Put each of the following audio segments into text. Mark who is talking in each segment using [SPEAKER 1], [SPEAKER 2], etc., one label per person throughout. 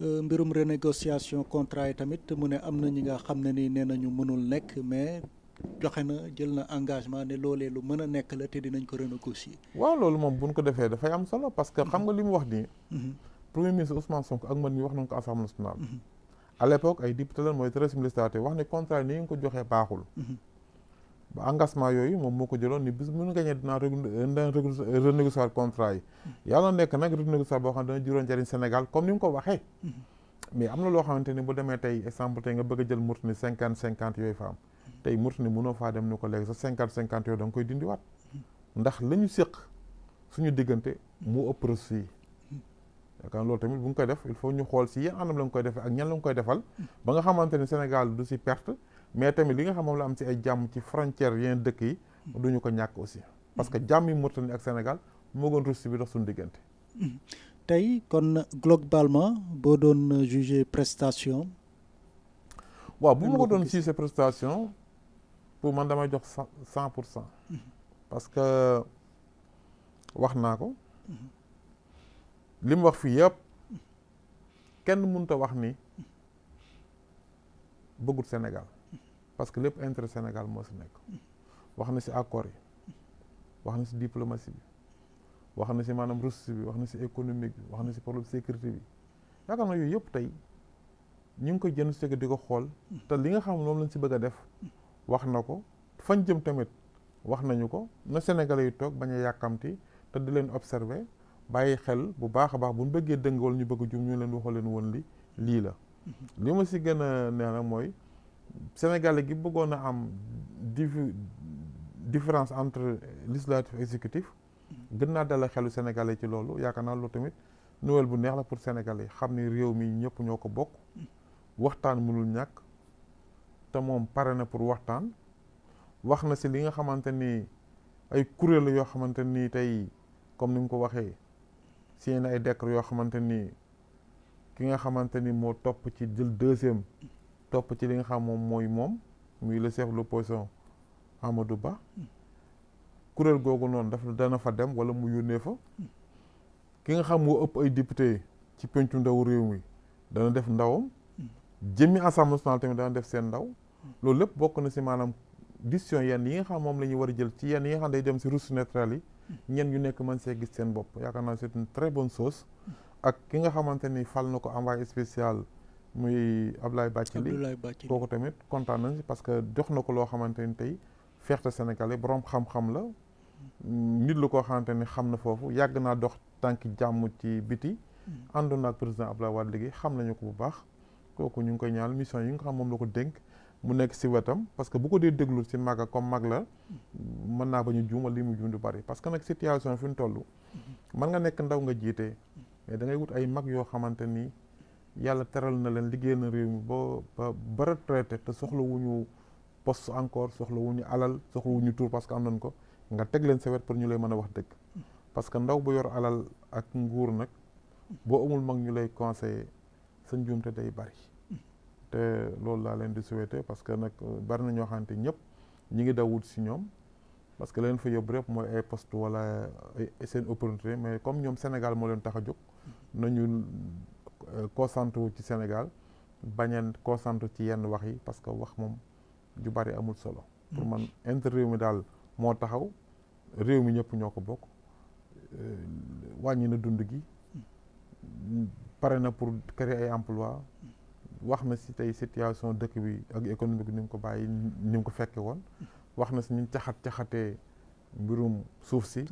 [SPEAKER 1] Euh, mbirum renégociation contrat yi tamit mu ne am na ñi nga xam ne ni nee ñu mënul nekk mais joxe na jël na engagement ne loolee lu mën a nekk la te dinañ ko renégocier.
[SPEAKER 2] waaw loolu moom bu ñu ko defee dafay am solo parce que xam mhm. nga li mu wax nii. Mhm. premier ministre Ousmane Sonko ak man ñu wax nañ ko assemblée nationale. Mhm. à l'époque ay député lan mooy treize ministres wax ne contrat yi ni ko joxee baaxul. ba engagement yooyu moom moo ko jëloo ni bis bu ñu gañee dinaa renégocier contrat yi yàlla nekk nag renégocier boo xam ne dana juróom njëriñ Sénégal comme ni mu ko waxee mm-hmm. mais am na loo xamante ni bu demee tey exemple nga bëgg a jël Mauritanie cinquante cinquante fa am mm-hmm. tey Mauritanie mënoo faa ko léegi sa cinquante cinquante yooyu da nga koy dindiwaat mm-hmm. ndax la ñu séq suñu diggante mu ëpp reçu yi yaakaar loolu tamit bu nga koy def il faut ñu xool si yan anam la koy defee ak ñan la nga koy defal ba nga xamante ni Sénégal du si perte mais tamit li nga xam moom la am si ay jàmm ci frontière yeneen dëkk yi duñu ko ñàkk aussi parce que jàmm yi Mauritanie ak Sénégal moo gën Russie bi dox suñu diggante
[SPEAKER 1] tey kon globalement boo doon juger prestation
[SPEAKER 2] waaw bu ma ko doon juger prestation pour man damay jox cent pour cent parce que wax naa ko li wax fii yëpp kenn mënut a wax ni bëggut Sénégal parce que lépp intre Sénégal moo si nekk wax na si accord yi wax na si diplomatie bi wax na si maanaam ressource bi wax na si économique bi wax na si problème sécurité bi yaakaar na yooyu yëpp tey ñu ngi ko jënd si di ko xool te li nga xam moom lañ si bëgg a def wax na ko fañ jëm tamit wax nañu ko na Sénégalais yu toog bañ a yàkkamti te di leen observer bàyyi xel bu baax a baax bu ñu bëggee dëng wala ñu bëgg a jum ñu leen waxoo leen woon li lii la li ma si gën a neex mooy sénégalais gi bëggoon a am divu différence entre législatif exécutif gën naa dala xelu sénégalais ci loolu yaakaar naa loolu tamit nouvelle bu neex la pour sénégalais xam ni réew mi ñëpp ñoo ko bokk waxtaan mënul ñàkk te moom pare na pour waxtaan wax na si li nga xamante ni ay kuréel yoo xamante ni tey comme ni mu ko waxee signé na ay décret yoo xamante ni ki nga xamante ni moo topp ci jël deuxième topp ci li nga xam moom mooy moom muy le chef de l'opposition Amadou Ba kuréel googu noonu daf dana fa dem wala mu yónnee fa ki nga xam moo ëpp ay député ci pencu ndaw réew mi dana def ndawam jëmmi assemblée nationale tamit dana def seen ndaw loolu lépp bokk na si maanaam décision yenn yi nga xam moom la ñuy war a jël ci yenn yi nga xam day dem si ressources naturelles yi ñenn ñu nekk mën see gis seen bopp yaakaar naa c'est une très bon chose ak ki nga xamante ni fal na ko envoyé spécial muy Abdoulaye Bathily kooku tamit kontaan nañ si parce que jox na ko loo xamante ni tey fierté sénégalais borom xam-xam la nit lu koo xamante ni xam na foofu yàgg naa dox tànki jàmm ci biti hmm. àndoon naa ak président Abdoulaye Wade léegi xam nañu ko bu baax kooku ñu ngi koy ñaanal mission yi nga xam moom la ko dénk mu nekk si wetam parce que bu ko dee déglu si mag comme mag la hmm. mën naa ba ñu juuma li mu juum du bari parce que nag situation fi mu toll hmm. mën nekk ndaw nga jiite mais da ngay ay mag yoo xamante ni yàlla teral na leen liggéey na réew mi ba ba retraité te soxlawuñu poste encore soxlawuñu alal soxlawuñu tuur parce que am nañ ko nga teg leen sa wet pour ñu lay mën a wax dëgg parce que ndaw bu yor alal ak nguur nag boo amul mag ñu lay conseillé sa njuumte day bari te loolu laa leen di souhaité parce que nag euh, bari na ñoo xamante ñëpp ñi ngi dawut si ñoom parce que leen fa yóbbu rek mooy ay poste wala seen opportunité mais comme ñoom Sénégal moo leen tax a jóg Euh, concentré wu ci Sénégal bañ a concentré ci yenn wax yi parce que wax moom ju bari amul solo. pour man intérêt réew mi daal moo taxaw réew mi ñëpp ñoo ko bokk euh, wàññi na dund gi pare na pour créer ay emploi wax na si tey situation dëkk bi ak économie bi ni mu ko bàyyi ni mu ko fekke woon wax na si ñu caxat caxatee mbirum suuf si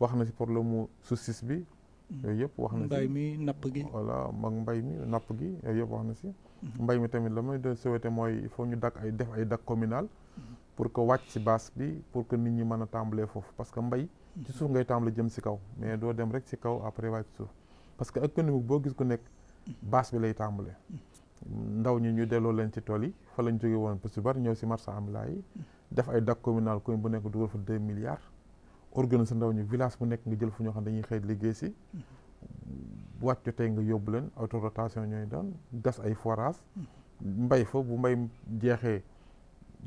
[SPEAKER 2] wax na si problème mu suuf si bi yooyu mm-hmm. yëpp wax na si mbay mi napp gi. voilà mag mbay mi napp gi yooyu yëpp wax na si. Mm-hmm. mbay mi tamit la may doon souhaité mooy il faut ñu dakk ay def ay dakk communal. Mm-hmm. pour que wàcc si base bi pour que nit ñi mën a tàmbalee foofu parce que mbay. ci suuf ngay tàmbale jëm si kaw mais doo dem rek si kaw après wàcc suuf parce que ak économique boo gis ku nekk base bi lay tàmbale. ndaw ñi ñu delloo leen ci tool yi fa lañ jóge woon bari ñëw si marché am laay def ay dakk communal bu nekk dugal fa deux milliards. organiser ndaw ñu village bu nekk nga jël fu ñoo xam dañuy xëy liggéey si mm-hmm. bu wàcc nga yóbbu leen autorotation ñooy doon gas ay forage mm-hmm. mbay fa bu mbay jeexee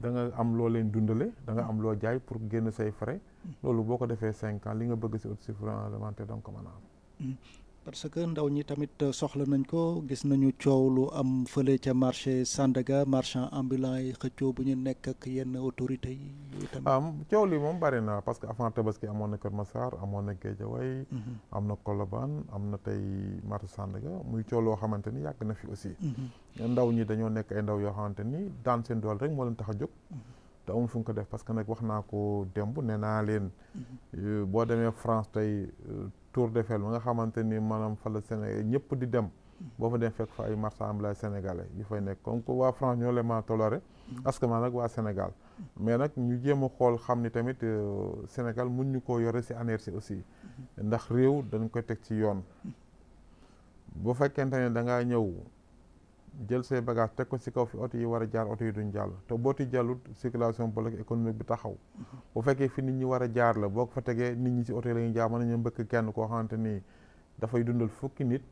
[SPEAKER 2] da nga am loo leen dundale danga am loo jaay pour génn say frais mm-hmm. loolu boo ko defee cinq ans li nga bëgg si autosuffisance alimentaire da nga ko mën a am
[SPEAKER 1] parce que ndaw ñi tamit euh, soxla nañ ko gis nañu coow lu am fële ca marché Sandaga marchand ambulant yi xëccoo bu ñu nekk ak yenn autorité yi
[SPEAKER 2] tamit ah, coow li moom bari na parce que avant tabaski amoon na Kër Massar amoon na Guédiawaye mhm. am na Colobane am na tey marché Sandaga muy coow loo xamante ni yàgg na fi aussi mhm. ndaw ñi dañoo nekk ay ndaw yoo xamante ni daan seen dool rek moo leen tax a jóg mhm. te amul fu nga ko def parce que nag wax naa ko démb nee naa leen euh, boo demee France tey euh, tour Eiffel ba nga xamante ni maanaam fa la Sénégal ñëpp di dem mm. boo fa dem fekk fa ay marchands ambulants sénégalais yu fay nekk comme que waa France ñoo leen mën a toléré askan mm. nag waa Sénégal mm. mais nag ñu jéem a xool xam ni tamit euh, Sénégal mun ñu koo yore si anarchie aussi mm-hmm. ndax réew dañ koy teg ci yoon bu fekkente ne da ñëw jël say bagage teg ko si kaw fi oto yi war a jaar oto yi duñ jàll te boo ti jàllut circulation bloc économique bi taxaw bu fekkee fi nit ñi war a jaar la boo ko fa tegee nit ñi si oto yi la ñuy jaar mbëkk kenn koo xamante ni dafay dundal fukki nit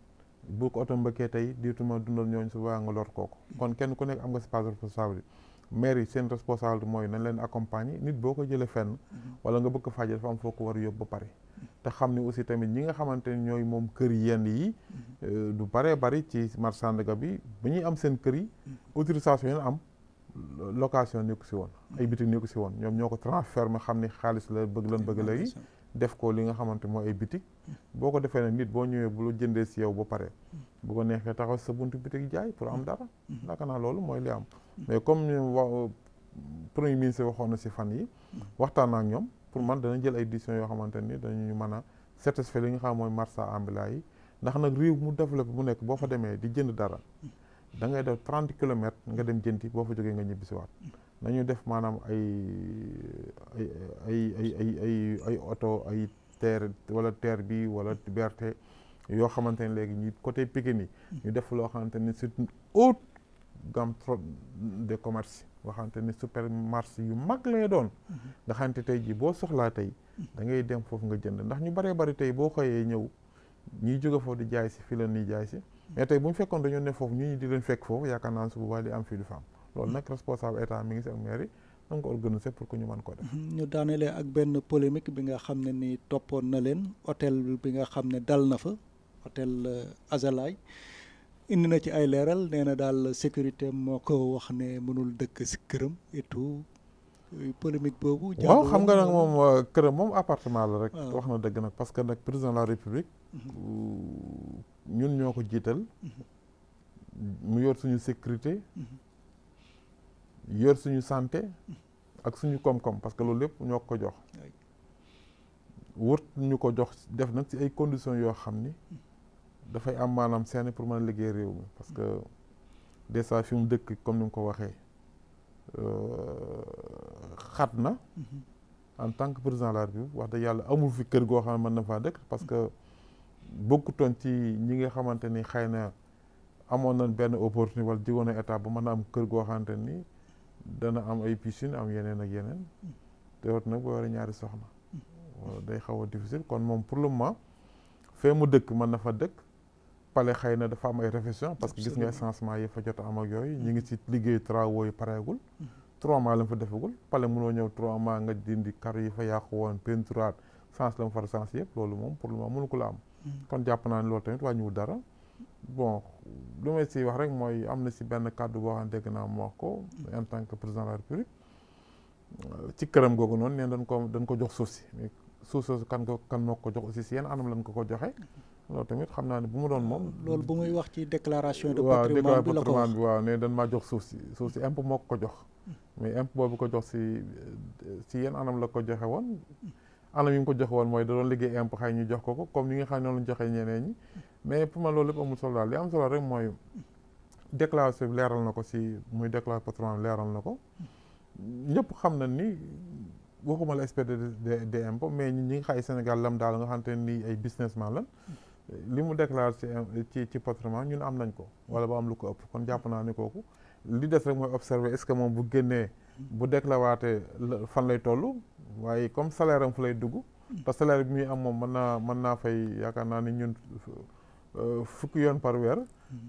[SPEAKER 2] bu ko oto mbëkkee tey diituma dundal ñooñu suba nga lor kooku kon kenn ku nekk am nga si pas responsabilité maire yi seen responsabilité mooy nañ leen accompagner nit boo ko jëlee fenn mhm. wala nga bëgg faaje dafa am foo ko war a yóbbu ba pare te xam ni aussi tamit ñi nga xamante ne ñooy moom kër yenn yi mhm. euh, du bare bari ci marché Sandaga bi ba ñuy am seen kër yi mhm. autorisation yi am location nekku si woon ay bitik nekku si woon ñoom ñoo ko transformé xam ni xaalis la bëgg lan bëgg lay def ko li nga xamante mooy ay bitik mhm. boo ko defee nag nit boo ñëwee bu la jëndee si yow ba pare bu ko neexee taxaw sa buntu bitik jaay pour am dara naka naa loolu mooy li am mais comme euh, premier ministre waxoon na si fan yi waxtaan naa ak ñoom pour man dana jël ay décisions yoo xamante ni dañu mën a satisfaire li nga xam mooy marsa ambila yi ndax nag réew mu développé mu nekk boo fa demee di jënd dara da ngay def trente kilomètres nga dem jëndi boo fa jógee nga ñibbisiwaat nañu def maanaam ay ay ay ay ay ay oto ay terre wala terre bi wala BRT yoo xamante ne léegi ñu côté Pikine yi ñu def loo xamante ni c'est haute gam trop de commerce nga xamante ni supermarché yu mag lay doon mhm. nga xamante tey jii boo soxlaa tey mhm. da ngay dem foofu nga jënd ndax ñu baree bari tey boo xëyee ñëw ñuy jóge foofu di jaay si fii la ñuy jaay si mhm. mais tey bu ñu fekkoon dañoo ne foofu ñu di leen fekk foofu yaakaar naa su boobaa li am fii du fa am loolu nag responsable état mi ngi si ak mairie na nga ko organiser pour que ñu mën ko def
[SPEAKER 1] ñu daanelee ak benn polémique bi nga xam ne ni toppoon na leen hôtel bi nga xam ne dal na fa hôtel euh, Azalaï indi na ci ay leeral nee na daal sécurité moo ko wax ne mënul dëkk si këram et tout euh, polémique boobu. waaw xam nga nag moom
[SPEAKER 2] euh, këram moom appartement la rek. Ah. wax na dëgg nag parce que nag président la république. Mhm. ñun ñoo ko jiital. Mhm. mu yor suñu sécurité. Mhm. yor suñu santé. ak suñu koom-koom parce que loolu lépp ñoo ko jox. wër ñu ko jox def nag ci ay conditions yoo xam ni. dafay am maanaam seeni pour mën a liggéey réew mi parce que des fois fi mu dëkk comme ni nga ko waxee euh, xat na mm-hmm. en tant que président de la République wax dëgg yàlla amul fi kër goo xam ne mën na faa dëkk parce que bokkutoon ci ñi nga xamante ni xëy na amoon nañ benn opportunité wala jigoon na bu mën a am kër goo xamante ni dana am ay piscine am yeneen ak yeneen mm-hmm. te wat nag boo war a ñaari soxna mm-hmm. day xaw a difficile kon moom pour le moment fee mu dëkk mën na fa dëkk palais xëy na dafa am ay réflexion parce que gis nga changement yi fa jot am ak yooyu ñu ngi si mm-hmm. liggéey travaux yi pareegul mm-hmm. trois mois la mu fa defagul palais mënoo ñëw trois mois nga dindi kar yi fa yàqu woon peinturaat sens la mu far sens yëpp loolu moom pour le moment mënu ko la am mm-hmm. kon jàpp naa ne loolu tamit wàññiwul dara bon lu may si wax rek mooy am na si benn kàddu boo xam ne dégg naa mu wax ko en tant que président de la république ci këram noonu neen dañ ko dañ ko jox suuf si mais suuf kan ko kan moo ko jox aussi si yenn anam lañ ko ko joxe loolu tamit xam naa ne bu mu doon moom. Ah, loolu
[SPEAKER 1] bu muy wax ci déclaration
[SPEAKER 2] de patrimoine bi la ko waaw ne dañ maa jox suuf si suuf si impôt moo ko jox. mais impôt boobu ko jox si si yenn anam la ko joxe woon. anam yi mu ko joxe woon mooy da doon liggéey impôt xëy ñu jox ko ko comme ni nga xam ne noonu la joxee ñeneen ñi. mais pour ma loolu lépp amul solo daal li am solo rek mooy déclaration bi leeral na ko si muy déclaration patrimoine bi leeral na ko. ñëpp xam na ni waxuma la expert des impôts mais ñi nga xay Sénégal lam daal nga xam te ni ay businessman la li mu déclaré ci ci patrimoine ñun am nañ ko wala ba am lu ko ëpp kon jàpp naa ni kooku li des rek mooy observer est que moom bu génnee bu déclaraatee fan lay toll waaye comme salaire fu lay dugg te salaire bi muy am moom mën naa mën naa fay yaakaar naa ni ñun euh, fukki yoon par weer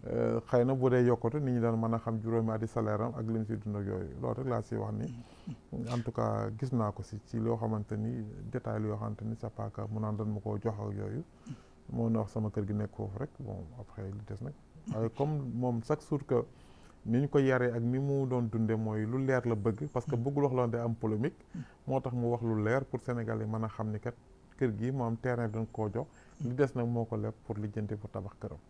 [SPEAKER 2] euh, xëy na bu dee yokkute nit ñi daan mën a xam juróomi ati salaire am ak lim si dund ak yooyu loolu rek laa si wax ni en tout cas gis naa ko si ci loo xamante ni détail yoo xamante ni c'est pas mu naan dan ma koo jox yooyu moo na wax sama kër gi nekk foofu rek bon après li des nag waaye euh, comme moom chaque jour que ni ñu ko yaree ak mi mu doon dundee mooy lu leer la bëgg parce que bëggul wax loon de am polémique moo tax mu wax lu leer pour Sénégal yi mën a xam ni kat kër gi moom terrain dañ koo jox li des nag moo ko leb pour lijjanti pour tabax këram